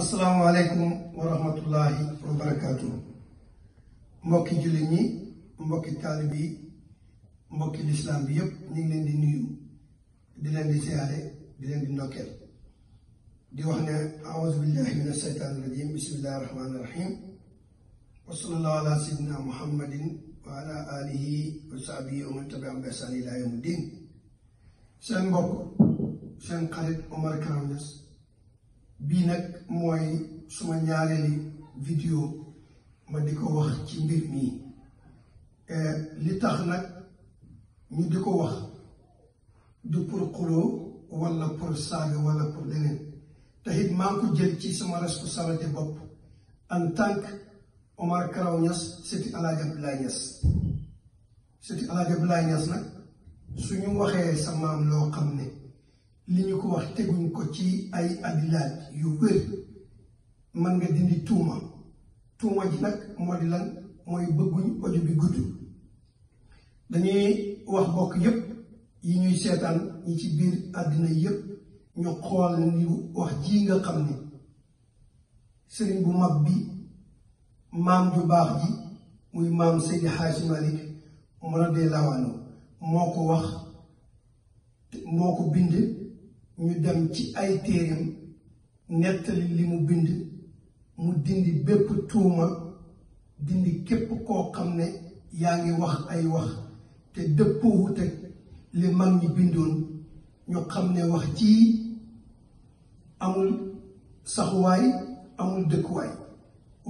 asalaamaaleykum wa rahmatullahi wa barakaatu mbokki jullit ñi mbokki taalib yi mbokki lislaam bi yépp ñu ngi leen di nuyu di leen di siyaare di leen di ndokkeel di wax ne aouzu billahi min asheytaani rajim bismillahi rahmaani rahim wa sallallahu ala sayyidina muhammadin wa ala alihi wa sahbihi wa man tabi'ahum bi ihsaan ila yawmi din seen mbokk seen xarit Omar Karaw Niass bii nag mooy suma ñaareeli vidéo ma di ko wax ci mbir mii eh, li tax nag ñu di ko wax du pour xuloo wala pour saaga wala pour leneen te maa ngi ko jël ci sama responsabilité bopp en tant que Omar Karaw Niass sëti Alaaji Abdoulaye Niass sëti Alaaji Abdoulaye Niass nag su ñu waxee sa maam loo xam ne li ñu ko wax teguñ ko ci ay adilaaj yu wér mën nga dindi tuuma tuuma ji nag moo di lan mooy bëgguñ audio bi gudd dañuy wax bokk yépp yi ñuy seetaan ñi ci biir àddina yépp ñu xool ni wax ji nga xam ni sëriñ bu mag bi maam ju baax ji muy maam Seydi Hadji Malick mën dee lawaanu moo ko wax moo ko bind ñu dem ci ay téeram nettali li mu bind mu dind bépp tuuma dindi képp koo xam ne yaa ngi wax ay wax te dëppoowut ak li mag ñi bindoon ñu xam ne wax ci amul saxuwaay amul dëkkuwaay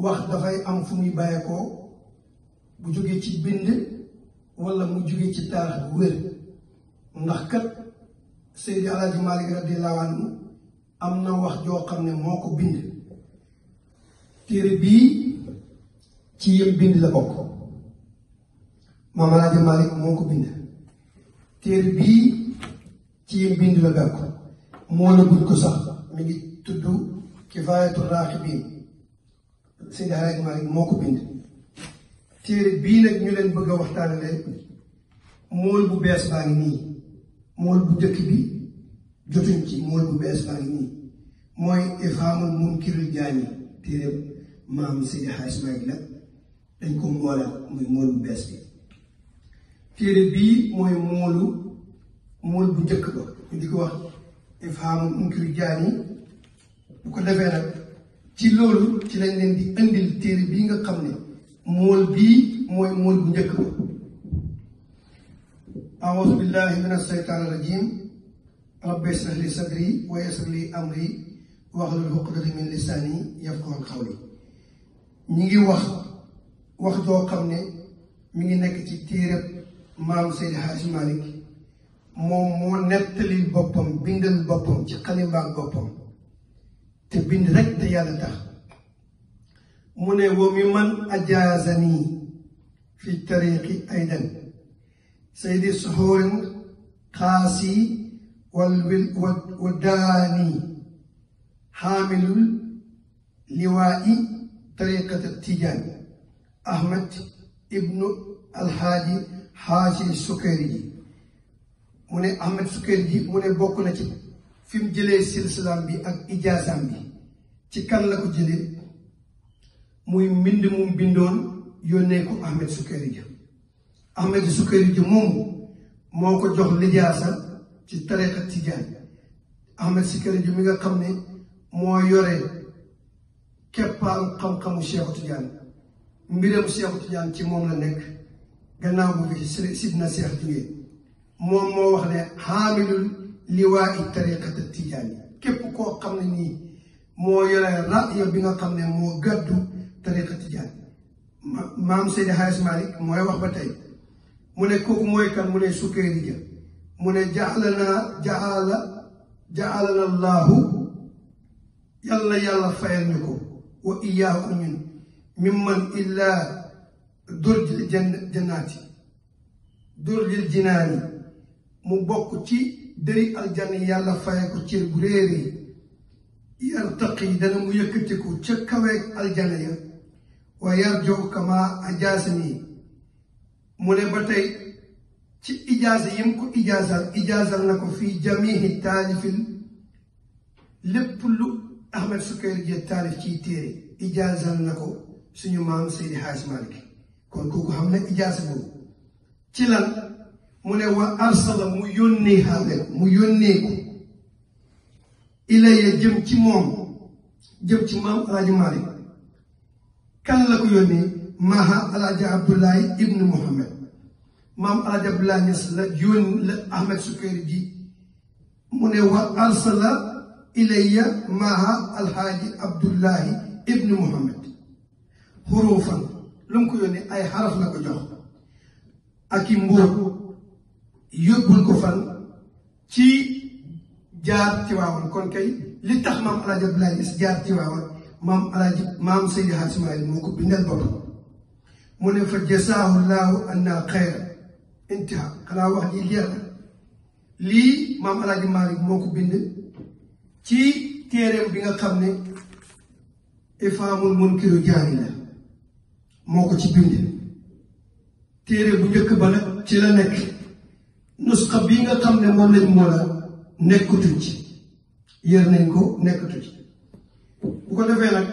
wax dafay am fu muy bàyyeekoo bu jóge ci bind walla mu jógee ci taarix bu wér ndax kat Seydi Alaaji Malik radiyallaahu am na wax joo xam ne moo ko bind téere bii ci yëm bind la bokk maam ko moo la gudd ko sax mi ngi tudd Kifaayatu Raaxibiin Seydi Alaaji moo ko bind téere bii nag ñu leen bëgg a waxtaanale mool bu bees baa ngi nii mool bu jëkk bi jotin ci mool bu bees baa ngi mooy ifhaamul munkiril jaani téere maam Seydi Hadji Ismaïl la dañ ko moolal muy mool bu bees bi téere bii mooy moolu mool bu njëkk ba ñu di ko wax ifhaamul munkiril bu ko defee ci loolu ci lañ leen di indil téere bii nga xam ne mool bii mooy mool bu njëkk ba a'uuzu billahi min ashaytaani rajim rabbi ishrah li sadri wa yassir li amri wahlul uqdatan min lisaani yafqahu qawli ñi ngi wax wax joo xam ne mi ngi nekk ci téereb maam Seydi Hadji Malick moom moo nettali boppam bindal boppam ci xalimbaak boppam te bind rek te tax mu ne wa mi man ajaazani fi tariqi aydan saydi suhurin xaasi والداني حامل لواء طريقة التجان أحمد ابن الحاج حاجي السكري mu ne Ahmed Sukayrij mu ne bokk na ci fi mu jëlee silsilaam bi ak ijaasaam bi ci kan la ko jëlee muy mbind mu bindoon yónnee ko Ahmed Sukayrij Ahmed Sukayrij moom moo ko jox lijaasa ci tariqa tijaan Ahmed Sikari ji mi nga xam ne moo yore keppaaru xam-xamu Cheikhu Tijaan mbiram Cheikhu Tijaan ci moom la nekk gannaaw bu ko ci sidna Cheikh jugee moom moo wax ne xaamilul liwaa'i tariqata tijaan képp koo xam ne nii moo yore raaya bi nga xam ne moo gàddu tariqa tijaan maam Seydi Hadj Malick mooy wax ba tey mu ne kooku mooy kan mu ne sukkee di jël mu ne jaalana jaala jaalana llaahu yàlla yàlla fayal ko wa iyaakum ñun mimman illaa durjil jannaati durjil jinaani mu bokk ci dëri aljanna yàlla faye ko cër bu yartaqi dana mu yëkkatiku ca kaweeg aljanna ya wa yarjo kama ajaasani mu ne ba ci ijaaza yim ko ijaazal ijaazal na ko fii jamihi taalifin Ahmed Sukayri Dieng taalif ciy téere ijaazal na ko suñu maam Seydi Hadji Malick kon kooku xam ijaaza boobu ci mu ne wa arsala mu yónnee xaaral mu yónnee ko ilaya jëm ci moom jëm ci maam Alaaji Malick kan la ko yónnee maha Alaaji Ibn Mouhamed maam Alaaji Abdoulaye Niass la yónni la Ahmed Sukayri ji mu ne wa arsala ilayya maha alhaaji Abdullahi ibnu Muhammad xurufan lu mu ko yónnee ay xaraf la ko jox ak i mbóot yóbbul ko fan ci jaar ci waawoon kon kay li tax maam Alaaji Abdoulaye Niass jaar ci waawoon maam Alaaji maam Seydi Hadj Ismaïl moo ko bindal boppam mu ne fa jasaahu llaahu anna xayra intiha xanaa wax ji lii maam alaaji Maalik moo ko bind ci téereem bi nga xam ne ifaamul munkiru jaani la moo ko ci bind téere bu njëkk ba nag ci la nekk nusxa bii nga xam ne moom lañ moo la nekkutuñ ci yër nañ ko nekkatu ci bu ko defee nag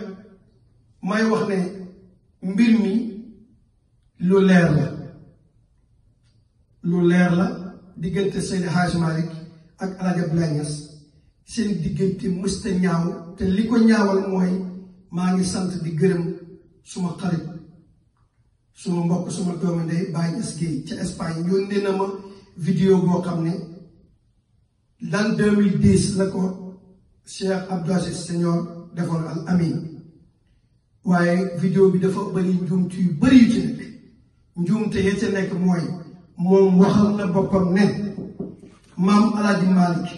may wax ne mbir mi lu leer la lu leer la diggante Seydi Hadj Malick ak El Hadj Abdoulaye Niass seen diggante mësta ñaaw te li ko ñaawal mooy maa ngi sant di gërëm suma xarit suma mbokk suma doomu ndey Baye Niass ca Espagne yónnee na ma vidéo boo xam ne l'an 2010 la ko Cheikh Abdou Aziz defoon al amin waaye vidéo bi dafa bëri njuumte yu bëri yu ci nekk njuumte ya ca nekk mooy moom waxal na boppam ne maam El Hadj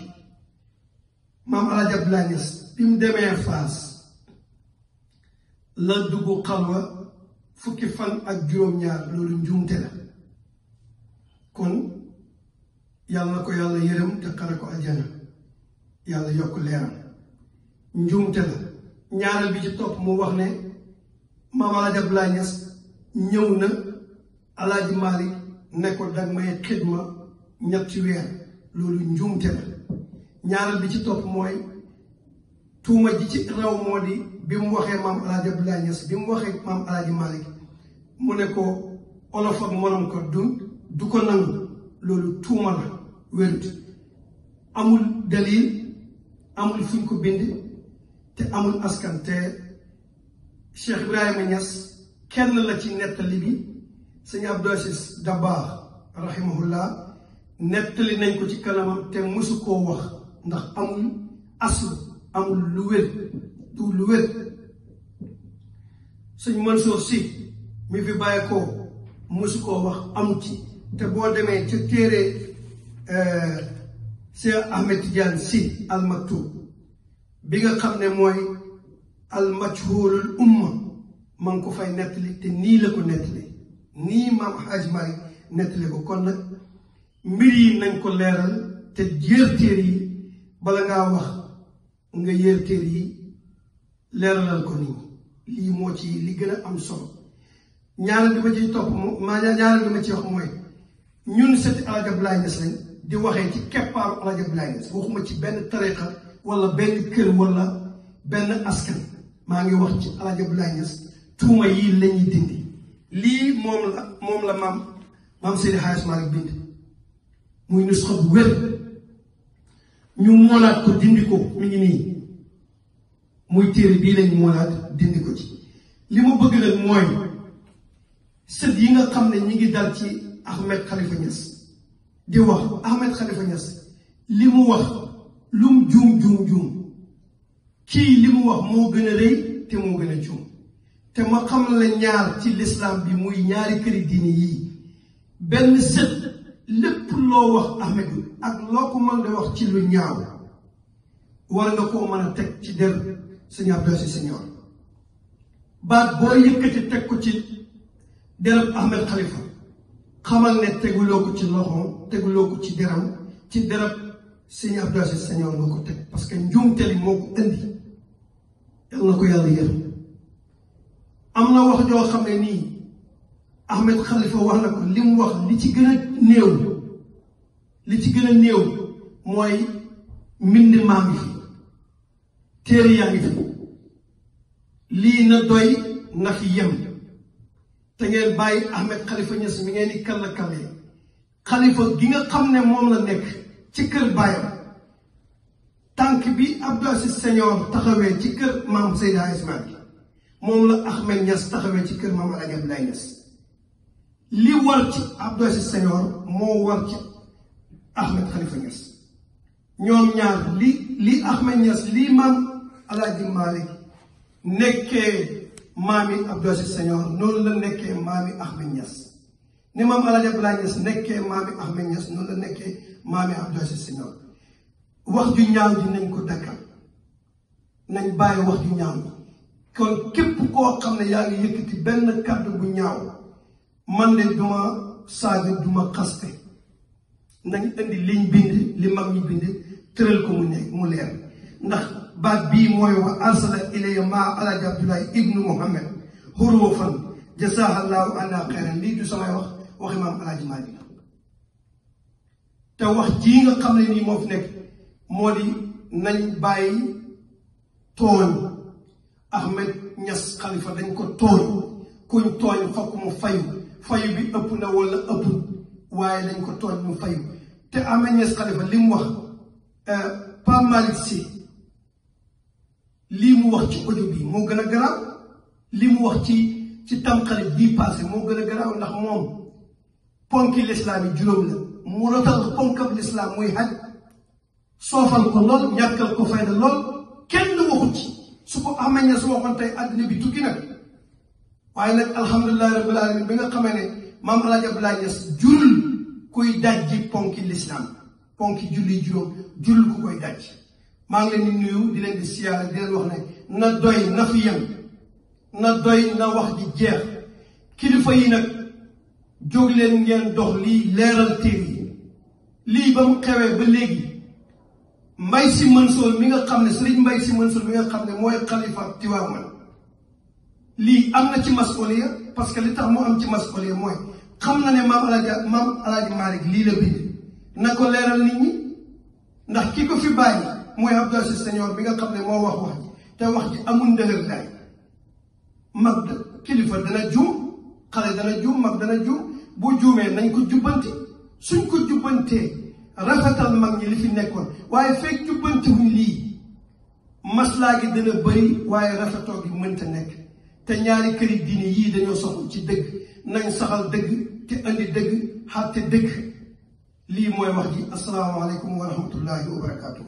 maam El Hadj Abdoulaye Niass bi demee Faas la dugg xalwa fukki fan ak juróom-ñaar loolu njuumte la kon yàlla ko yàlla yërëm te xare ko yàlla yokk leeram njuumte la ñaareel bi ci topp mu wax ne maam El Hadj Abdoulaye Niass ñëw na El Hadj ne ko danga may xidma ñetti weer loolu njuumte la ñaareel bi ci topp mooy tuuma ji ci raw moo di bi mu waxee maam alaaji Abdoulaye Niass bi mu waxee maam alaaji Malick mu ne ko olof ak morom ko du du ko nangu loolu tuuma la wérut amul dalil amul fuñ ko bind te amul askan te Cheikh Ibrahima Niass kenn la ci nettali bi sëñ Abdou Aziz Dabakh rahimahullah nettali nañ ko ci kanamam te mësu koo wax ndax amul aslu amul lu wér du lu wér sëñ Mansour si mi fi bàyyi koo mësu koo wax am ci te boo demee ca téere euh, Cheikh Ahmed Tidiane si al bi nga xam ne mooy al majhulul umma ma ngi ko fay nettali te nii la ko nettali nii maam Hadj Malick nettali ko kon nag mbir yi nañ ko leeral te yër yi bala ngaa wax nga yër téer yi leeralal ko nii lii moo ci li gën a am sol ñaareel bi ma ciy topp ma ñaareel bi ma ci wax mooy ñun sëti El Hadj Abdoulaye Niass lañ di waxee ci keppaaru El Hadj Abdoulaye Niass waxuma ci benn tariqa wala benn kër wala benn askan maa ngi wax ci El Hadj Abdoulaye Niass tuuma yii lañuy dindi lii moom la moom la maam maam Seydi Hadji Malick bind muy nusxa bu wér ñu moolaat ko dindi ko mi ngi nii muy téere bii lañ moolaat dindi ko ci li ma bëgg nag mooy sët yi nga xam ne ñu ngi dal ci Ahmed Khalifa Niass di wax Ahmed Khalifa Niass li mu wax lum juum juum juum kii li mu wax moo gën a rëy te moo gën a juum te ma xam la ñaar ci lislaam bi muy ñaari këri diini yii benn sët lépp loo wax Ahmed ak loo ko mën de wax ci lu ñaaw war nga koo mën a teg ci der sëñ Abdou Aziz Senior baat boo yëkkati teg ko ci derab Ahmed Khalifa xamal ne teguloo ko ci loxoom teguloo ko ci deram ci derab sëñ Abdou Aziz Senior nga ko teg parce que njuumte li moo ko indi yal ko yàlla yërëm am wax joo xam ne nii Ahmed Khalifa wax na ko li wax li ci gën a néew ci gën a néew mooy mbind maa ngi fi téere yaa na doy na fi yem te ngeen bàyyi Ahmed Khalifa Niass mi ngeen di kàlla kàllee Khalifa gi nga xam ne moom la nekk ci kër baayam tànk bi Abdou Aziz Senior taxawee ci kër maam Seydi Ismaïl moom la Ahmed Niass taxawee ci kër Mame El Hadj Abdoulaye li war ci Abdou Aziz Senghor moo war ci Ahmed Khalifa Niass ñoom ñaar li li Ahmed Niass lii maam El Hadj Malick nekkee maami Abdou Aziz noonu la nekkee maami Ahmed Niass ni maam El Hadj Abdoulaye Niass nekkee maami Ahmed Niass noonu la nekkee maami Abdou Aziz wax ju ñaaw ji nañ ko dakkal nañ bàyyi wax ju ñaaw kon képp koo xam ne yaa ngi yëkkati benn kàddu bu ñaaw man de duma saaga duma xaste nañ indi liñ bind li mag ñi bind tëral ko mu ne mu leer ndax baat bii mooy wa arsala ilaya maa alaaji abdoulaye ibnu muhammad hurufan jasahallahu ala xeyran lii du samay wax waxi maam alaaji maalik te wax jii nga xam ne nii moo fi nekk moo di nañ bàyyi tooñ Ahmed Niass Khalifa dañ ko tooñ kuñ tooñ fokk mu fayu fayu bi ëpp na wala ëpp waaye dañ ko tooñ mu fayu te Ahmed Niass Khalifa li mu wax euh, Pape Malick Sy mu wax ci audio bi moo gën a garaaw mu wax ci ci tamxarit bii passé moo gën a garaaw ndax moom ponki lislaam yi juróom la mu rotal ponkam lislaam muy xaj soofal ko lool ñàkkal ko fayda lool kenn waxut ci su ko xamañ ne su waxoon tey àddina bi tukki nag waaye nag alhamdulilahi rabbil alamin bi nga xamee ne maam El Hadj Abdoulaye Niass jurul kuy dajji ponki lislaam ponki julli juróom jurul ku koy dajji maa ngi leen di nuyu di leen di siyaare di leen wax ne na doy na fi yem na doy na wax ji jeex kilifa yi nag jóg leen ngeen dox lii leeral téere yi lii ba mu xewee ba léegi si Sy Mansour mi nga xam ne Serigne Mbaye Sy Mansour mi nga xam ne mooy xalifa Tiwaawan lii am na ci masoliya parce que li tax mu am ci masoliya mooy xam na ne maam alaaji maam alaaji lii la bind na ko leeral nit ñi ndax ki ko fi bàyyi mooy Abdou Aziz Senior bi nga xam ne moo wax wax te wax ji amul ndëgër daay mag da kilifa dana juum xale dana juum mag dana juum bu juumee nañ ko jubbanti suñ ko jubbantee rafetal mag ñi li fi nekkoon waaye fekk jubbantiwuñ lii maslaa gi dana bëri waaye rafetoo gi mënta nekk te ñaari këri diine yii dañoo soxla ci dëgg nañ saxal dëgg te andi dëgg xarte dëgg lii mooy wax ji asalaamaaleykum wa rahmatullahi wa barakaatu.